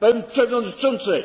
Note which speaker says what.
Speaker 1: Pan Przewodniczący!